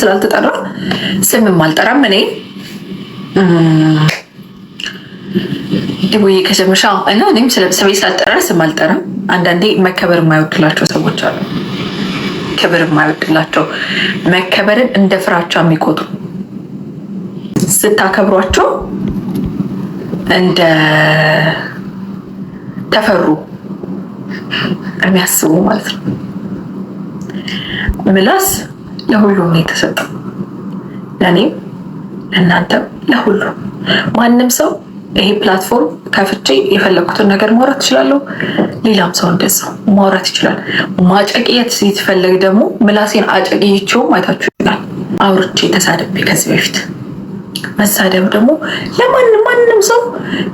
ስላልተጠራ ስምም አልጠራም። እኔ ደውዬ ከጀመሻ እና እኔም ስሜ ስላልጠራ ስም አልጠራም። አንዳንዴ መከበር የማይወድላቸው ሰዎች አሉ። ክብር የማይወድላቸው መከበርን እንደ ፍራቻ የሚቆጥሩ ስታከብሯቸው እንደ ተፈሩ የሚያስቡ ማለት ነው ምላስ ለሁሉም ነው የተሰጠው፣ ለእኔም ለእናንተም ለሁሉም። ማንም ሰው ይሄ ፕላትፎርም ከፍቼ የፈለግኩትን ነገር ማውራት እችላለሁ። ሌላም ሰው እንደዛው ማውራት ይችላል። ማጨቅየት ሲትፈለግ ደግሞ ምላሴን አጨቅይቼውም አይታችሁ ይችላል። አውርቼ ተሳድቤ ከዚህ በፊት መሳደብ ደግሞ ለማንም ማንም ሰው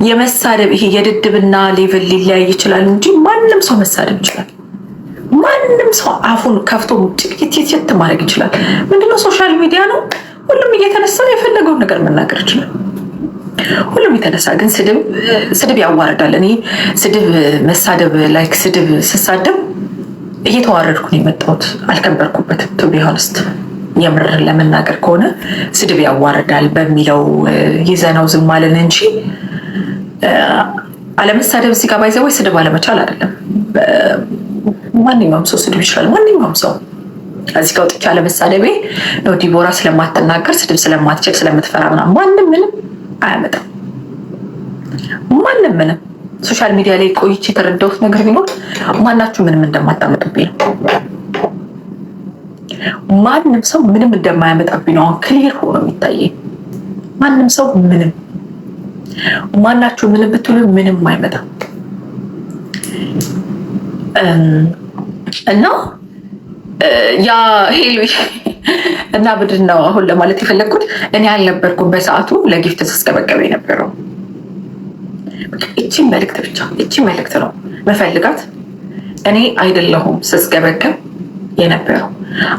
የመሳደብ ይሄ የድድብና ሌቭል ሊለያይ ይችላል እንጂ ማንም ሰው መሳደብ ይችላል። ማንም ሰው አፉን ከፍቶ ጭቅጭት ማድረግ ይችላል። ምንድነው ሶሻል ሚዲያ ነው። ሁሉም እየተነሳ የፈለገውን ነገር መናገር ይችላል። ሁሉም የተነሳ ግን ስድብ ያዋርዳል። እኔ ስድብ መሳደብ ላይክ ስድብ ስሳደብ እየተዋረድኩ ነው የመጣሁት። አልከበርኩበትም። ቱ ቢ ሆነስት የምር ለመናገር ከሆነ ስድብ ያዋርዳል በሚለው ይዘነው ዝም ማለን እንጂ አለመሳደብ እዚህ ጋር ባይዘ ወይ ስድብ አለመቻል አይደለም። ማንኛውም ሰው ስድብ ይችላል። ማንኛውም ሰው እዚህ ጋር ወጥቼ አለመሳደቤ ነው። ዲቦራ ስለማትናገር ስድብ ስለማትችል ስለምትፈራ ምናምን ማንም ምንም አያመጣም። ማንም ምንም ሶሻል ሚዲያ ላይ ቆይቼ የተረዳሁት ነገር ቢኖር ማናችሁ ምንም እንደማታመጡብኝ ነው። ማንም ሰው ምንም እንደማያመጣብኝ ነው። አሁን ክሊር ሆኖ የሚታየኝ ማንም ሰው ምንም ማናችሁ ምንም ብትሉ ምንም አይመጣም። እና ያ ሄሎ እና ምንድን ነው አሁን ለማለት የፈለግኩት እኔ አልነበርኩም በሰዓቱ ለጊፍት ስስቀበቀበ የነበረው። እቺ መልእክት ብቻ እቺ መልእክት ነው መፈልጋት። እኔ አይደለሁም ስስገበገብ የነበረው።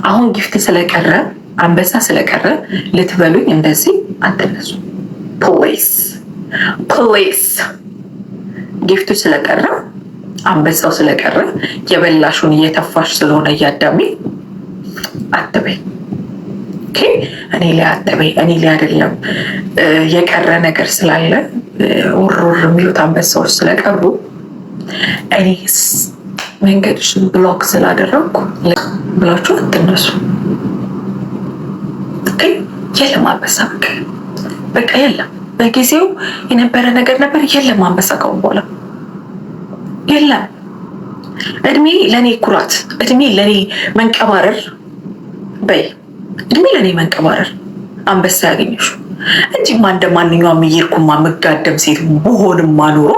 አሁን ጊፍት ስለቀረ አንበሳ ስለቀረ ልትበሉኝ እንደዚህ አትነሱ ፕሊስ ፕሊስ። ጊፍቱ ስለቀረ አንበሳው ስለቀረ የበላሹን እየተፋሽ ስለሆነ እያዳሜ አትበይ። እኔ ላይ አትበይ። እኔ ላይ አይደለም የቀረ ነገር ስላለ ውርውር የሚሉት አንበሳዎች ስለቀሩ እኔ መንገድሽን ብሎክ ስላደረግኩ ብላችሁ አትነሱ። የለም አንበሳ በቃ የለም። በጊዜው የነበረ ነገር ነበር። የለም አንበሳ ከሆን በኋላ የለም። እድሜ ለእኔ ኩራት፣ እድሜ ለእኔ መንቀባረር በይ። እድሜ ለእኔ መንቀባረር አንበሳ ያገኘሽ እንጂማ እንደ ማንኛውም እየሄድኩማ መጋደም ሴት ብሆንም ማኖሮ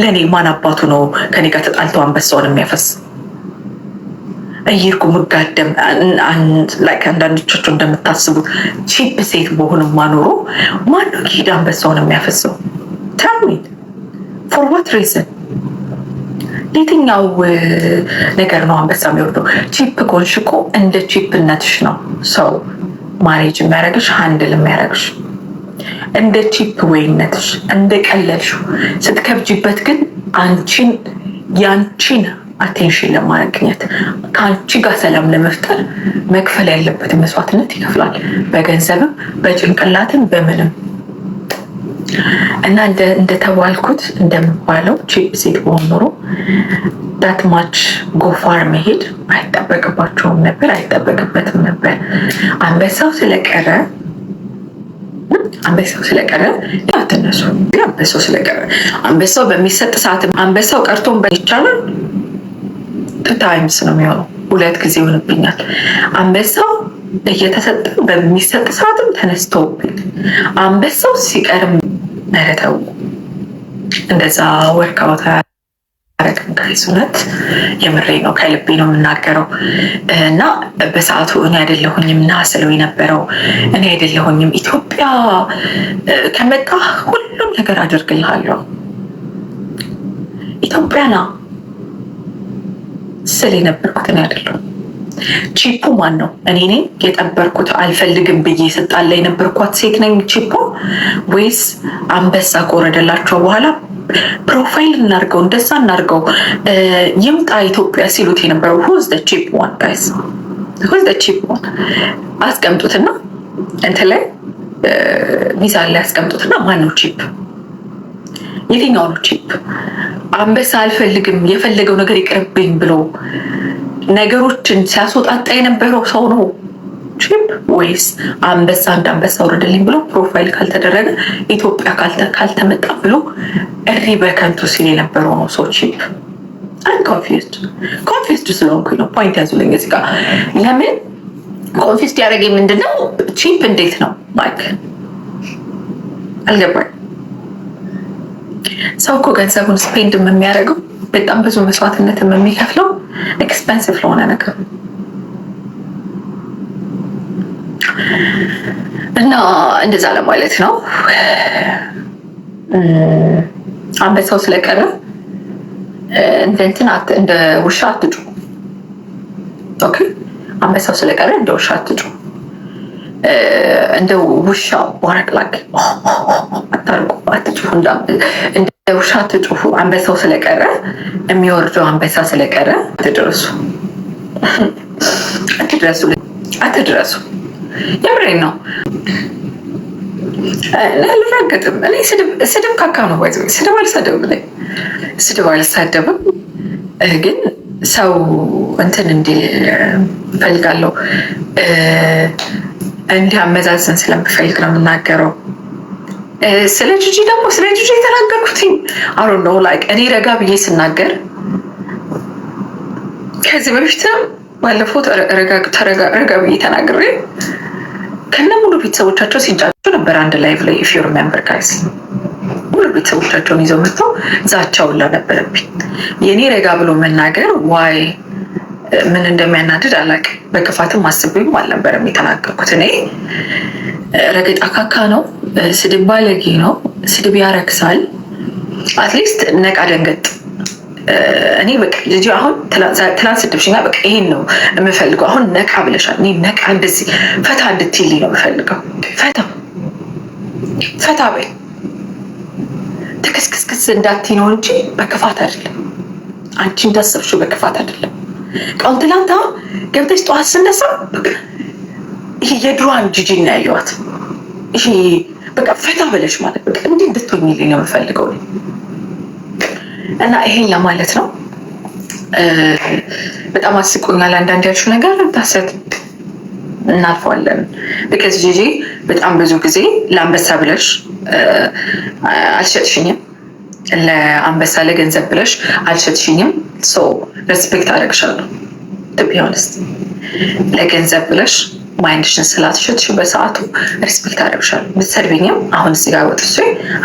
ለእኔ ማን አባቱ ነው ከኔ ጋር ተጣልተው አንበሳውን የሚያፈስ እየሄድኩ መጋደም አንዳንዶቻቸው እንደምታስቡት ቺፕ ሴት ብሆንም አኖሮ ማነው ሄድ አንበሳውን የሚያፈሰው? ታሚን ፎር ዋት ሪዝን የትኛው ነገር ነው አንበሳ የሚወርደው? ቺፕ ጎንሽ እኮ እንደ ቺፕነትሽ ነው ሰው ማኔጅ የሚያደርግሽ ሀንድል የሚያደርግሽ እንደ ቺፕ ወይነትሽ እንደ ቀለልሽ ስትከብጂበት ግን አንቺን ያንቺን አቴንሽን ለማግኘት ከአንቺ ጋር ሰላም ለመፍጠር መክፈል ያለበት መስዋዕትነት ይከፍላል። በገንዘብም፣ በጭንቅላትም፣ በምንም እና እንደተባልኩት እንደምባለው ቺፕ ሴት በሆን ኖሮ ዳት ማች ጎፋር መሄድ አይጠበቅባቸውም ነበር፣ አይጠበቅበትም ነበር። አንበሳው ስለቀረ አንበሳው ስለቀረ አትነሱ። አንበሳው ስለቀረ አንበሳው በሚሰጥ ሰዓት አንበሳው ቀርቶን ይቻላል። ታይምስ ነው የሚሆነው። ሁለት ጊዜ ይሆንብኛል። አንበሳው እየተሰጠ በሚሰጥ ሰዓትም ተነስተውብኝ አንበሳው ሲቀርም ኧረ ተው እንደዛ ወርካውታ ያደረግ እንዳይዝ የምሬ ነው፣ ከልቤ ነው የምናገረው። እና በሰዓቱ እኔ አይደለሁኝም ና ስለው የነበረው እኔ አይደለሁኝም ኢትዮጵያ ከመጣ ሁሉም ነገር አደርግልሃለሁ፣ ኢትዮጵያ ና ስል የነበርኩት እኔ አይደለሁም። ቺፑ ማን ነው? እኔ ነኝ የጠበርኩት አልፈልግም ብዬ ስጣለ የነበርኳት ሴት ነኝ ቺፑ ወይስ አንበሳ ከወረደላቸው በኋላ ፕሮፋይል እናርገው እንደዛ እናርገው ይምጣ ኢትዮጵያ ሲሉት የነበረው ሁዝ ቺፕ ዋን ጋይስ፣ ሁዝ ቺፕ ዋን አስቀምጡትና እንት ላይ ቪዛ ላይ አስቀምጡትና ማን ነው ቺፕ? የትኛው ነው ቺፕ? አንበሳ አልፈልግም የፈለገው ነገር ይቅርብኝ ብሎ ነገሮችን ሲያስወጣጣ የነበረው ሰው ነው ቺፕ ወይስ አንበሳ አንድ አንበሳ ውረድልኝ ብሎ ፕሮፋይል ካልተደረገ ኢትዮጵያ ካልተመጣ ብሎ እሪ በከንቱ ሲል የነበረው ነው ሰው ቺፕ አን ኮንፊውዝድ ኮንፊውዝድ ስለሆንኩ ነው ፖይንት ያዙልኝ እዚህ ጋ ለምን ኮንፊውዝድ ያደረገኝ ምንድነው ቺፕ እንዴት ነው ማይክ አልገባኝ ሰው እኮ ገንዘቡን ስፔንድ የሚያደርገው በጣም ብዙ መስዋዕትነትም የሚከፍለው ኤክስፐንሲቭ ለሆነ ነገር እና እንደዛ ለማለት ነው። አንበሳው ስለቀረ እንደ እንትን እንደ ውሻ አትጩ። ኦኬ፣ አንበሳው ስለቀረ እንደ ውሻ አትጩ። እንደ ውሻ ወረቅ ላክ አታርቁ፣ አትጩ እንደ ውሻ ትጩሁ አንበሳው ስለቀረ የሚወርደው አንበሳ ስለቀረ አትድረሱ፣ አትድረሱ፣ አትድረሱ። የምሬን ነው። አልራገጥም እኔ ስድብ ካካ ነው ይዘ ስድብ አልሳደብም ላይ ስድብ አልሳደብም፣ ግን ሰው እንትን እንዲህ እፈልጋለሁ እንዲህ አመዛዘን ስለምፈልግ ነው የምናገረው። ስለ ጂጂ ደግሞ ስለ ጂጂ የተናገርኩትኝ አሮ ነው ላይክ እኔ ረጋ ብዬ ስናገር ከዚህ በፊትም ባለፈው ረጋ ብዬ ተናግሬ ከነ ሙሉ ቤተሰቦቻቸው ሲጫቸው ነበር። አንድ ላይቭ ላይ ኢፍ ዩ ሪሜምበር ጋይስ ሙሉ ቤተሰቦቻቸውን ይዘው መጥተው ዛቻውን ነበረብኝ። የእኔ ረጋ ብሎ መናገር ዋይ ምን እንደሚያናድድ አላውቅም። በክፋትም አስቤም አልነበረም የተናገርኩት እኔ ረገጣ ካካ ነው ስድብ ባለጌ ነው። ስድብ ያረክሳል። አትሊስት ነቃ ደንገጥ። እኔ በቃ ልጅ አሁን ትላንት ስድብሽኛ በቃ ይሄን ነው የምፈልገው። አሁን ነቃ ብለሻል። እኔ ነቃ እንደዚህ ፈታ እንድትይልኝ ነው የምፈልገው። ፈታ ፈታ በይ። ትክስክስክስ እንዳትይ ነው እንጂ በክፋት አይደለም። አንቺ እንዳሰብሽው በክፋት አይደለም። ቀን ትላንት አሁን ገብተሽ ጠዋት ስነሳ ይሄ የድሯን ጂጂ እናያየዋት ይሄ በቃ ፈታ ብለሽ ማለት በቃ እንዲህ እንድትሆኝልኝ ነው የምፈልገው እና ይሄን ለማለት ነው። በጣም አስቆኛል። አንዳንድ ያልሽው ነገር ታሰት እናልፈዋለን። ቢካዝ ጂጂ በጣም ብዙ ጊዜ ለአንበሳ ብለሽ አልሸጥሽኝም፣ ለአንበሳ ለገንዘብ ብለሽ አልሸጥሽኝም። ሶ ሬስፔክት አደረግሻለሁ። ቱ ቢ ሆነስት ለገንዘብ ብለሽ ማይንድሽን ስላትሸትሽ በሰዓቱ ሪስፔክት አደርግሻል። ብትሰድብኝም አሁን እዚህ ጋር ወጥቼ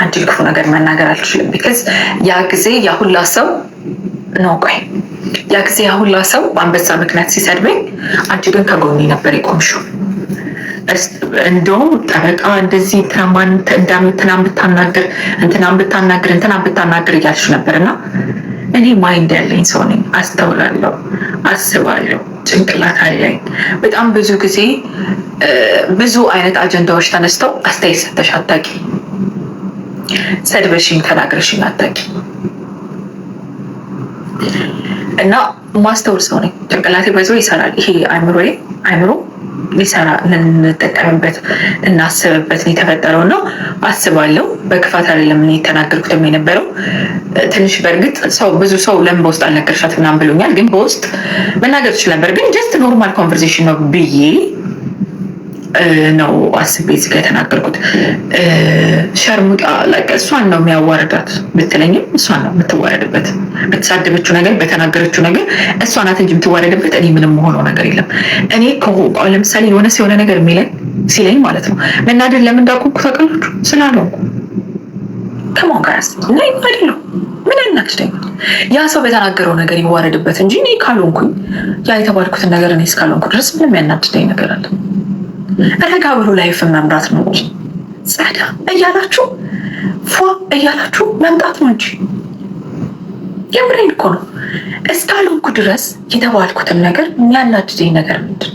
አንድ ክፉ ነገር መናገር አልችልም። ቢካዝ ያ ጊዜ ያሁላ ሰው ነው ቆይ ያ ጊዜ ያሁላ ሰው በአንበሳ ምክንያት ሲሰድበኝ፣ አንቺ ግን ከጎኔ ነበር የቆምሽው። እንደውም ጠበቃ እንደዚህ እንትናን ብታናግር እንትና ብታናግር እንትና ብታናግር እያልሽ ነበር እና እኔ ማይንድ ያለኝ ሰው ነኝ። አስተውላለሁ፣ አስባለሁ ጭንቅላት አለኝ። በጣም ብዙ ጊዜ ብዙ አይነት አጀንዳዎች ተነስተው አስተያየት ሰተሽ አታቂ፣ ሰድበሽኝ ተናግረሽኝ አታቂ እና ማስተውል ሰው ነኝ። ጭንቅላቴ በዞ ይሰራል። ይሄ አይምሮ አይምሮ ሊሰራ ልንጠቀምበት እናስብበት የተፈጠረው ነው አስባለሁ። በክፋት አይደለም የተናገርኩትም የነበረው ትንሽ በእርግጥ ሰው ብዙ ሰው ለምን በውስጥ አልነገርሻት ምናምን ብሎኛል። ግን በውስጥ መናገር ትችል ነበር። ግን ጀስት ኖርማል ኮንቨርሴሽን ነው ብዬ ነው አስቤ እዚህ ጋ የተናገርኩት። ሸርሙጣ እሷን ነው የሚያዋርዳት ብትለኝም እሷን ነው የምትዋረድበት። በተሳደበችው ነገር በተናገረችው ነገር እሷ ናት እንጂ የምትዋረድበት እኔ ምንም መሆነው ነገር የለም። እኔ ለምሳሌ የሆነ ሲሆነ ነገር የሚለኝ ሲለኝ ማለት ነው መናደድ ለምን እንዳቆምኩ ታውቃላችሁ? ስላልሆንኩ ከማንጋያስ ላይ አይደለሁ ምን ያናግደኛል? ያ ሰው በተናገረው ነገር ይዋረድበት እንጂ እኔ ካልሆንኩኝ ያ የተባልኩትን ነገር እኔ እስካልሆንኩ ድረስ ምንም ያናድደኝ ነገር አለ ረጋ ብሎ ላይፍ መምራት ነው እንጂ ጸዳ እያላችሁ ፏ እያላችሁ መምጣት ነው እንጂ የምሬን እኮ ነው። እስካልሆንኩ ድረስ የተባልኩትን ነገር የሚያናድደኝ ነገር ምንድን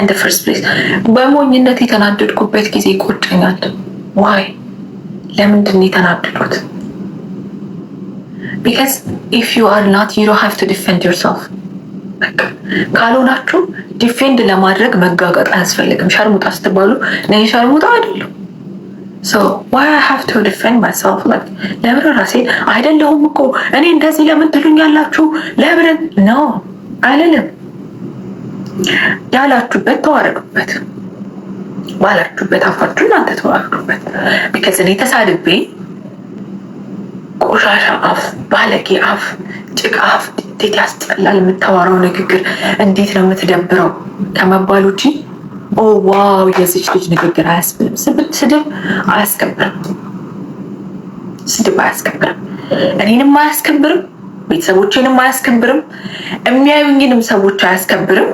እንደ ፍርስት ፕሌስ በሞኝነት የተናደድኩበት ጊዜ ይቆጨኛል። ዋይ ለምንድን የተናደዱት? ቢካዝ ኢፍ ዩ አር ናት ዩ ዶንት ሃቭ ቱ ዲፌንድ ዮርሰልፍ ካልሆናችሁ ዲፌንድ ለማድረግ መጋጋጥ አያስፈልግም። ሸርሙጣ ስትባሉ ነይ ሸርሙጣ አይደለም ለምን ራሴን አይደለሁም እኮ እኔ እንደዚህ ለምን ትሉኛላችሁ? ለምን ነው አልልም። ያላችሁበት ተዋረዱበት፣ ባላችሁበት አፋችሁ እናንተ ተዋረዱበት። ቢከዝ እኔ ተሳድቤ ቆሻሻ አፍ፣ ባለጌ አፍ፣ ጭቃ አፍ። እንዴት ያስጠላል! የምታወራው ንግግር እንዴት ነው የምትደብረው ከመባል ውጪ ኦ ዋው የዚች ልጅ ንግግር አያስብልም። ስድብ አያስከብርም። ስድብ አያስከብርም። እኔንም አያስከብርም፣ ቤተሰቦቼንም አያስከብርም፣ የሚያዩኝንም ሰዎች አያስከብርም።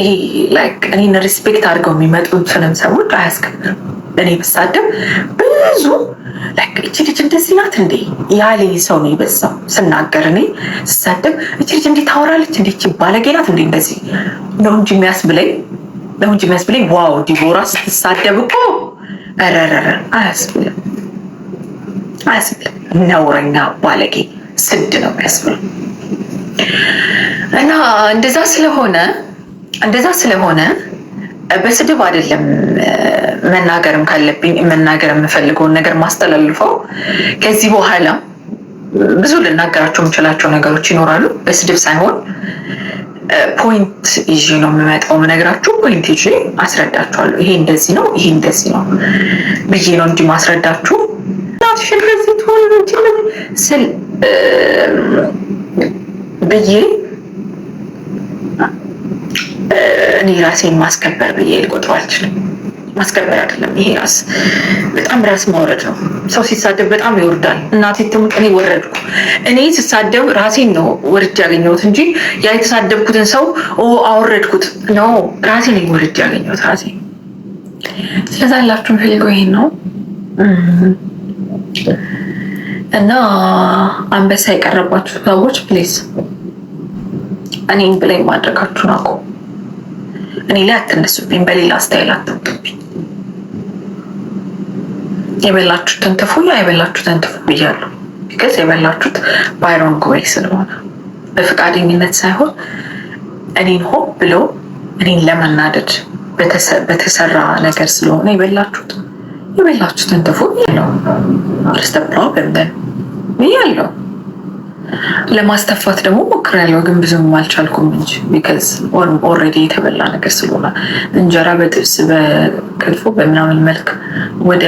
ይሄ ላይክ እኔን ሪስፔክት አድርገው የሚመጡትንም ሰዎች አያስከብርም። እኔ ብሳደብ ብዙ እች ልጅ እንደዚህ ናት እንዴ ያለ ሰው ነው የበዛው። ስናገር እኔ ስሳደብ እች ልጅ እንዴ ታወራለች እንዴ እች ባለጌ ናት እንዴ እንደዚህ ነው እንጂ የሚያስብለኝ ነው እንጂ የሚያስብለኝ ዋው ዲቦራ ስትሳደብ እኮ ረረረ አያስብልም፣ አያስብልም። ነውረኛ ባለጌ ስድ ነው የሚያስብለው እና እንደዛ ስለሆነ እንደዛ ስለሆነ በስድብ አይደለም መናገርም ካለብኝ መናገር የምፈልገውን ነገር ማስተላልፈው። ከዚህ በኋላ ብዙ ልናገራቸው የምችላቸው ነገሮች ይኖራሉ። በስድብ ሳይሆን ፖይንት ይዤ ነው የምመጣው። የምነግራችሁ ፖይንት ይዤ አስረዳችኋለሁ። ይሄ እንደዚህ ነው፣ ይሄ እንደዚህ ነው ብዬ ነው እንጂ ማስረዳችሁ ትሆን ስል ብዬ እኔ ራሴን ማስከበር ብዬ ልቆጥሮ አልችልም። ማስከበር አይደለም ይሄ ራስ በጣም ራስ ማውረድ ነው። ሰው ሲሳደብ በጣም ይወርዳል። እናቴ ትሙት እኔ ወረድኩ። እኔ ስሳደብ ራሴን ነው ወርጅ ያገኘሁት እንጂ ያ የተሳደብኩትን ሰው አወረድኩት ነው። ራሴ ነኝ ወርጅ ያገኘሁት ራሴ። ስለዛ ያላችሁ ፈልገው ይሄን ነው እና አንበሳ የቀረባችሁ ሰዎች ፕሊዝ እኔን ብላይ ማድረጋችሁን አቁ እኔ ላይ አትነሱብኝ፣ በሌላ ስታይል አታውቅብኝ። የበላችሁትን ትፉ፣ የበላችሁትን ትፉ ብያለሁ። ቢከዝ የበላችሁት ባይሮንግ ወይ ስለሆነ በፈቃደኝነት ሳይሆን እኔን ሆ ብሎ እኔን ለመናደድ በተሰራ ነገር ስለሆነ የበላችሁት የበላችሁትን ትፉ ያለው ርስተብራ ብለን ያለው ለማስተፋት ደግሞ ሞክር ያለው ግን ብዙም አልቻልኩም እንጂ ቢካዝ ኦልሬዲ የተበላ ነገር ስለሆነ እንጀራ በጥብስ በክልፎ በምናምን መልክ ወደ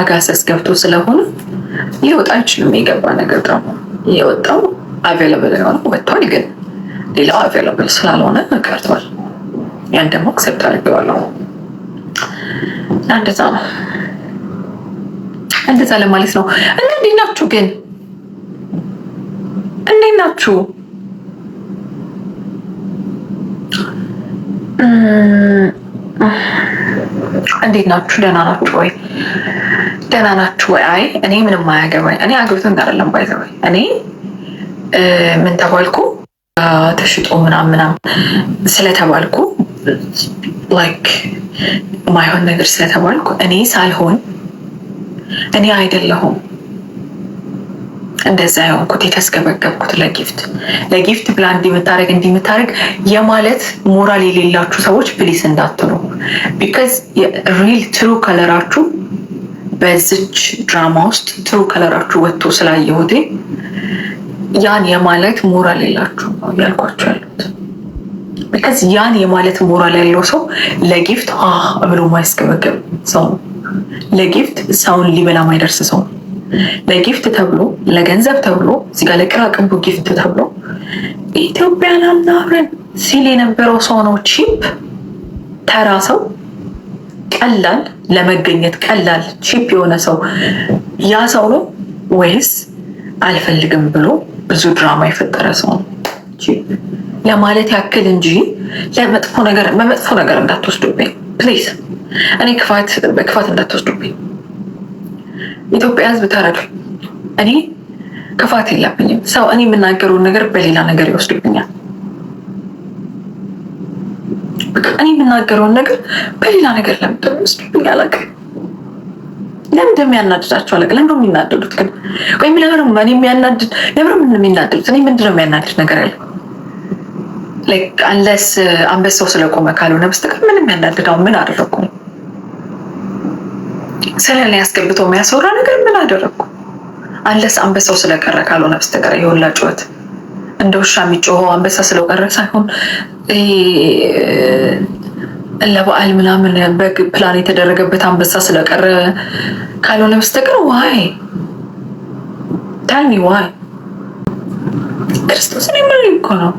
አጋሰስ ገብቶ ስለሆነ ሊወጣ አይችልም። የገባ ነገር ደግሞ የወጣው አቬለብል የሆነ ወጥቷል፣ ግን ሌላው አቬለብል ስላልሆነ ቀርቷል። ያን ደግሞ አክሰብት አድርገዋለሁ። እንደዛ ነው፣ እንደዛ ለማለት ነው። እንግዲህ ናችሁ ግን እንዴት ናችሁ? እንዴት ናችሁ? ደህና ናችሁ ወይ? ደህና ናችሁ ወይ? አይ እኔ ምንም አያገባኝ። እኔ አግብቶ እንዳለም ባይዘ ወይ እኔ ምን ተባልኩ ተሽጦ ምናም ምናም ስለተባልኩ ላይክ ማይሆን ነገር ስለተባልኩ እኔ ሳልሆን እኔ አይደለሁም እንደዛ የሆንኩት የተስገበገብኩት ለጊፍት ለጊፍት ብላ እንዲምታደረግ እንዲምታደረግ የማለት ሞራል የሌላችሁ ሰዎች ፕሊስ እንዳትሉ። ቢካዝ ሪል ትሩ ከለራችሁ በዚች ድራማ ውስጥ ትሩ ከለራችሁ ወጥቶ ስላየሁት ያን የማለት ሞራል የላችሁ ነው እያልኳቸው ያሉት። ቢካዝ ያን የማለት ሞራል ያለው ሰው ለጊፍት ብሎ ማያስገበገብ ሰው ነው። ለጊፍት ሰውን ሊበላ ማይደርስ ሰው ነው። ለጊፍት ተብሎ ለገንዘብ ተብሎ እዚጋ ለቅራቅንቡ ጊፍት ተብሎ ኢትዮጵያን አናፍርን ሲል የነበረው ሰው ነው። ቺፕ ተራ ሰው ቀላል ለመገኘት ቀላል ቺፕ የሆነ ሰው ያ ሰው ነው ወይስ አልፈልግም ብሎ ብዙ ድራማ የፈጠረ ሰው ነው? ለማለት ያክል እንጂ ለመጥፎ ነገር በመጥፎ ነገር እንዳትወስዱብኝ ፕሊዝ። እኔ ክፋት በክፋት እንዳትወስዱብኝ። ኢትዮጵያ ሕዝብ ተረዱ። እኔ ክፋት የለብኝም። ሰው እኔ የምናገረውን ነገር በሌላ ነገር ይወስድብኛል። እኔ የምናገረውን ነገር በሌላ ነገር ለምንድን ነው ይወስድብኛል? አላውቅም። ለምን እንደሚያናድዳቸው አላውቅም። ለምን ነው የሚናደዱት? ግን ወይም ለምን እኔ የሚያናድድ ለምንም የሚናደዱት እኔ ምንድን የሚያናድድ ነገር ያለ አንለስ አንበሳው ስለቆመ ካልሆነ በስተቀር ምንም ያናድዳው ምን አደረኩም እኔ ያስገብቶ የሚያስወራ ነገር ምን አደረግኩ? አለስ አንበሳው ስለቀረ ካልሆነ በስተቀር የሁላ ጩኸት እንደ ውሻ የሚጮኸው አንበሳ ስለቀረ ሳይሆን ለበዓል ምናምን በግ ፕላን የተደረገበት አንበሳ ስለቀረ ካልሆነ በስተቀር ዋይ ታልሚ ዋይ ክርስቶስን የምል እኮ ነው።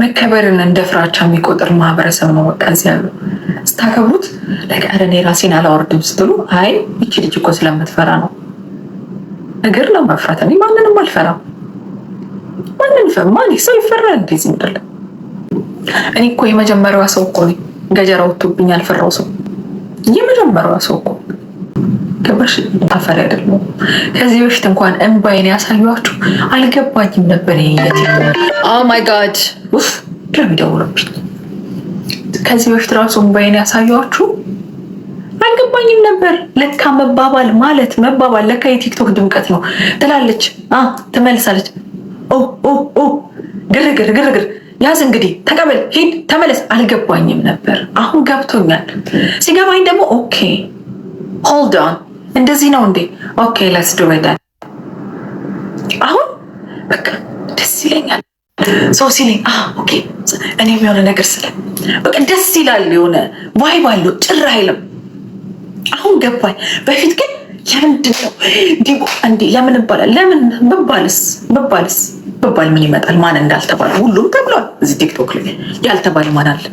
መከበርን እንደ ፍራቻ የሚቆጥር ማህበረሰብ ነው በቃ እዚህ ያሉ ስታከብሩት ለቀረ እኔ ራሴን አላወርድም ስትሉ አይ ይቺ ልጅ እኮ ስለምትፈራ ነው። እግር ነው መፍራት። እኔ ማንንም አልፈራም። ማንን ማን ሰው ይፈራል? እንዴት ምድር እኔ እኮ የመጀመሪያዋ ሰው እኮ ነኝ። ገጀራ ወቶብኝ ያልፈራው ሰው የመጀመሪያዋ ሰው እኮ ገባሽ? ታፈሪ አይደለም። ከዚህ በፊት እንኳን እንባይን ያሳዩችሁ አልገባኝም ነበር። ይሄ ማይ ጋድ ውፍ ድረብ ይደውለብኝ ከዚህ በፊት ራሱ ባይን ያሳያችሁ አልገባኝም ነበር። ለካ መባባል ማለት መባባል ለካ የቲክቶክ ድምቀት ነው ትላለች፣ ትመልሳለች። ግርግር ግርግር ያዝ እንግዲህ ተቀበል፣ ሂድ፣ ተመለስ። አልገባኝም ነበር፣ አሁን ገብቶኛል። ሲገባኝ ደግሞ ኦኬ ሆልድ ኦን እንደዚህ ነው እንዴ? ኦኬ ለስ ዱ አሁን በቃ ደስ ይለኛል። ሰው ሲለኝ ኦኬ እኔም የሆነ ነገር ስለ በቃ ደስ ይላል። የሆነ ዋይ ባለው ጭራ አይልም። አሁን ገባኝ። በፊት ግን ለምንድን ነው ዲቦ እንዲ ለምን ይባላል? ለምን ብባልስ ብባልስ ብባል ምን ይመጣል? ማን እንዳልተባለ ሁሉም ተብሏል። እዚህ ቲክቶክ ላይ ያልተባለ ማን አለ?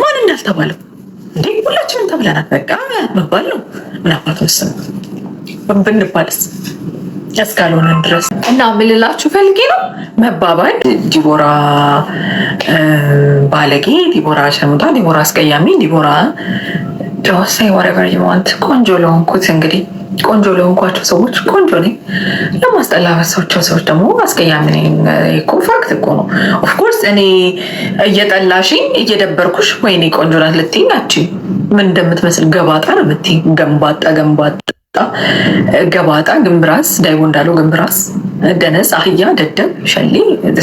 ማን እንዳልተባለ እንዴ ሁላችንም ተብለናል። በቃ መባል ነው ምናባት ምስም ብንባልስ እስካልሆነ ድረስ እና የምልላችሁ ፈልጌ ነው መባባል ዲቦራ ባለጌ፣ ዲቦራ ሸምጣ፣ ዲቦራ አስቀያሚ፣ ዲቦራ ዶሳይ ወረቨር ዩዋንት ቆንጆ ለሆንኩት እንግዲህ ቆንጆ ለሆንኳቸው ሰዎች ቆንጆ ነኝ፣ ለማስጠላ ሰዎች ደግሞ አስቀያሚ ነኝ። እኮ ፋክት እኮ ነው። ኦፍኮርስ እኔ እየጠላሽኝ እየደበርኩሽ፣ ወይኔ ቆንጆ ናት ልትይኝ ናች ምን እንደምትመስል ገባጣ ነው የምትይኝ ገንባጣ ገንባጣ ገባጣ፣ ግንብራስ፣ ዳይቦ እንዳለው ግንብራስ፣ ደነዝ፣ አህያ፣ ደደብ፣ ሸሌ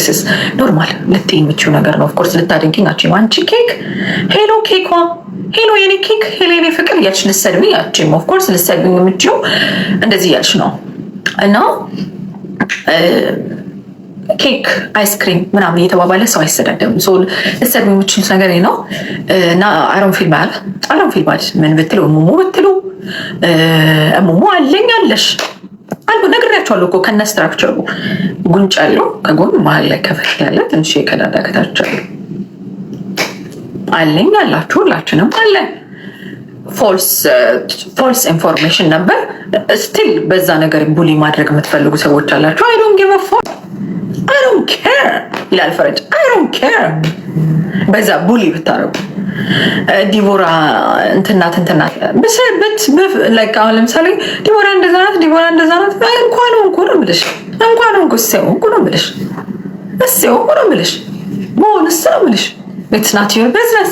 ስ ኖርማል ልት የምችው ነገር ነው። ኦፍኮርስ ልታደንቂ ናቸው። አንቺ ኬክ ሄሎ፣ ኬኳ ሄሎ፣ የኔ ኬክ ሄሎ፣ የኔ ፍቅር እያልሽ ልትሰድብኝ አችም። ኦፍኮርስ ልትሰድብኝ የምችው እንደዚህ እያልሽ ነው እና ኬክ፣ አይስክሪም ምናምን እየተባባለ ሰው አይሰዳደም። ልሰድ የሚችሉት ነገር ነው እና አሮን ፊልም አለ አሮን ፊልም አለ ምን ብትለው እሙሙ ብትሉ እሙሙ አለኝ አለሽ አሉ ነግሬያቸዋለሁ እኮ ከነ ስትራክቸሩ ጉንጭ አለው ከጎን መሀል ላይ ከፈት ያለ ትንሽ የቀዳዳ ከታቸው አለኝ አላችሁ ሁላችንም አለን። ፎልስ ኢንፎርሜሽን ነበር። ስቲል በዛ ነገር ቡሊ ማድረግ የምትፈልጉ ሰዎች አላችሁ። አይ ዶንት ጊቭ አ ፎክ ኬር ይላል ፈረንጅ። አይ ዶንት ኬር በዛ ቡሊ ብታረጉ ዲቦራ እንትናት እንትናት ብስብት ለቃ አሁን ለምሳሌ ዲቦራ እንደዛ ናት፣ ዲቦራ እንደዛ ናት። እንኳን እንኩ ነው ብልሽ እንኳን እንኩ እሴው እንኩ ነው ብልሽ እሴው እንኩ ነው ብልሽ መሆን እስ ነው ብልሽ ኢትስ ናት ዩር ቢዝነስ።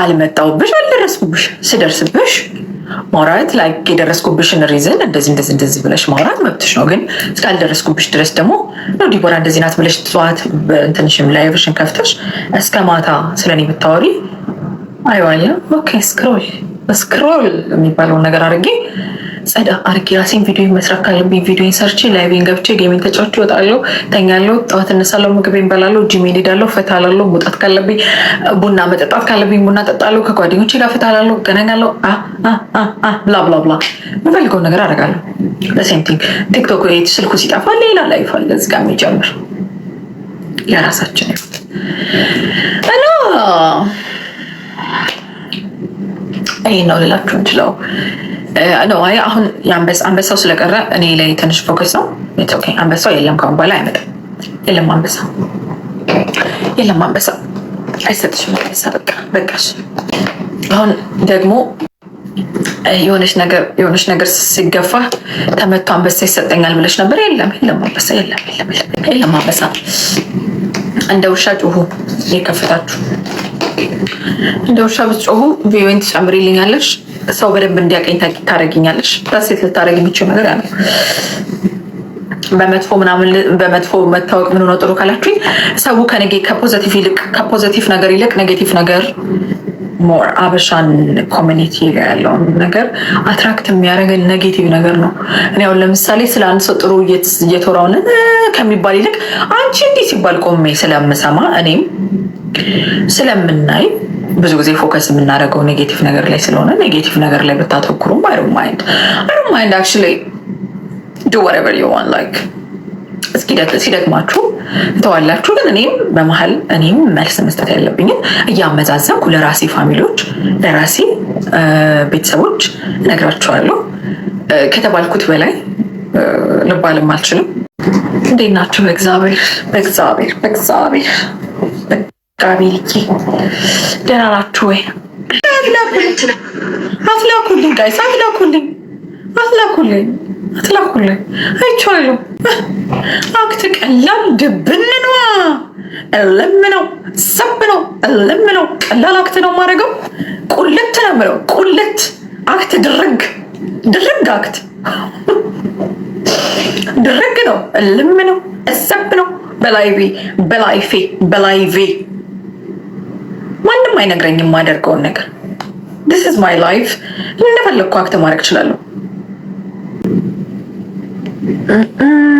አልመጣሁብሽ፣ አልደረስኩብሽ። ስደርስብሽ ማውራት ላይ የደረስኩብሽን ሪዝን እንደዚህ እንደዚህ እንደዚህ ብለሽ ማውራት መብትሽ ነው። ግን እስካልደረስኩብሽ ድረስ ደግሞ ነው ዲቦራ እንደዚህ ናት ብለሽ ጠዋት በእንትንሽም ላይቭሽን ከፍተሽ እስከ ማታ ስለኔ ብታወሪ አይዋያ ኦኬ ስክሮል ስክሮል የሚባለውን ነገር አድርጌ ጸዳ አርጌ ራሴን ቪዲዮ መስራት ካለብኝ ቪዲዮ ሰርቼ ላይቤን ገብቼ ጌሜን ተጫዎች እወጣለሁ፣ ተኛለሁ፣ ጠዋት እነሳለሁ፣ ምግብ በላለሁ፣ ጂሜን ሄዳለሁ፣ ፈታላለሁ። መውጣት ካለብኝ ቡና መጠጣት ካለብኝ ቡና ጠጣለሁ፣ ከጓደኞቼ ጋር ፈታላለሁ፣ ገናኛለሁ፣ ብላብላብላ ብላ የምፈልገውን ነገር አደርጋለሁ። በሴም ቲንግ ቲክቶክ ስልኩ ሲጠፋ ሌላ ላይፍ አለ እዚህ የሚጀምር የራሳችን ህይወት እና ይህ ነው ልላችሁ እንችለው አይ uh, አሁን አንበሳው ስለቀረ እኔ ላይ ትንሽ ፎከስ ነው። አንበሳው የለም፣ ከአሁን በኋላ አይመጣም። የለም አንበሳ፣ የለም አንበሳ አይሰጥሽም አንበሳ። በቃ በቃሽ። አሁን ደግሞ uh, የሆነች ነገር ሲገፋ ተመቶ አንበሳ ይሰጠኛል ብለሽ ነበር። የለም፣ የለም አንበሳ፣ የለም፣ የለም አንበሳ። እንደ ውሻ ጩሁ የከፍታችሁ እንደ ውሻ ብትጮሁ ቪዮን ትጨምሪልኛለሽ ሰው በደንብ እንዲያቀኝ ታደረግኛለሽ። ሴት ልታደረግ የሚችል ነገር ያለ በመጥፎ ምናምን በመጥፎ መታወቅ ምን ሆነ ጥሩ ካላችሁኝ ሰው ከነጌ ከፖዘቲቭ ይልቅ ከፖዘቲቭ ነገር ይልቅ ኔጌቲቭ ነገር ሞር አበሻን ኮሚኒቲ ያለውን ነገር አትራክት የሚያደርገን ኔጌቲቭ ነገር ነው። እኔ አሁን ለምሳሌ ስለ አንድ ሰው ጥሩ እየተወራውን ከሚባል ይልቅ አንቺ እንዲህ ሲባል ቆሜ ስለምሰማ እኔም ስለምናይ ብዙ ጊዜ ፎከስ የምናደርገው ኔጌቲቭ ነገር ላይ ስለሆነ ኔጌቲቭ ነገር ላይ ብታተኩሩም አይ ዶንት ማይንድ አይ ዶንት ማይንድ አክቹዋሊ ዱ ወሬቨር ዩ ዋን ላይክ ሲደግማችሁ ተዋላችሁ። ግን እኔም በመሀል እኔም መልስ መስጠት ያለብኝን እያመዛዘንኩ ለራሴ ፋሚሊዎች፣ ለራሴ ቤተሰቦች እነግራችኋለሁ። ከተባልኩት በላይ ልባልም አልችልም። እንዴት ናችሁ? በእግዚአብሔር በእግዚአብሔር በእግዚአብሔር ጋቢልኪ ደህና ናችሁ ወይ? አትላኩልኝ ጋይስ፣ አትላኩልኝ፣ አትላኩልኝ፣ አትላኩልኝ። አይቻለሁ። አክት ቀላል ድብን ነው፣ እልም ነው፣ ሰብ ነው፣ እልም ነው። ቀላል አክት ነው የማደርገው። ቁልት ነው የምለው። ቁልት አክት፣ ድርግ ድርግ፣ አክት ድርግ ነው፣ እልም ነው፣ ሰብ ነው። በላይቤ በላይፌ በላይቬ ማንም አይነግረኝ የማደርገውን ነገር ዲስ ኢዝ ማይ ላይፍ። እንደፈለግኩ አክት ማድረግ እችላለሁ።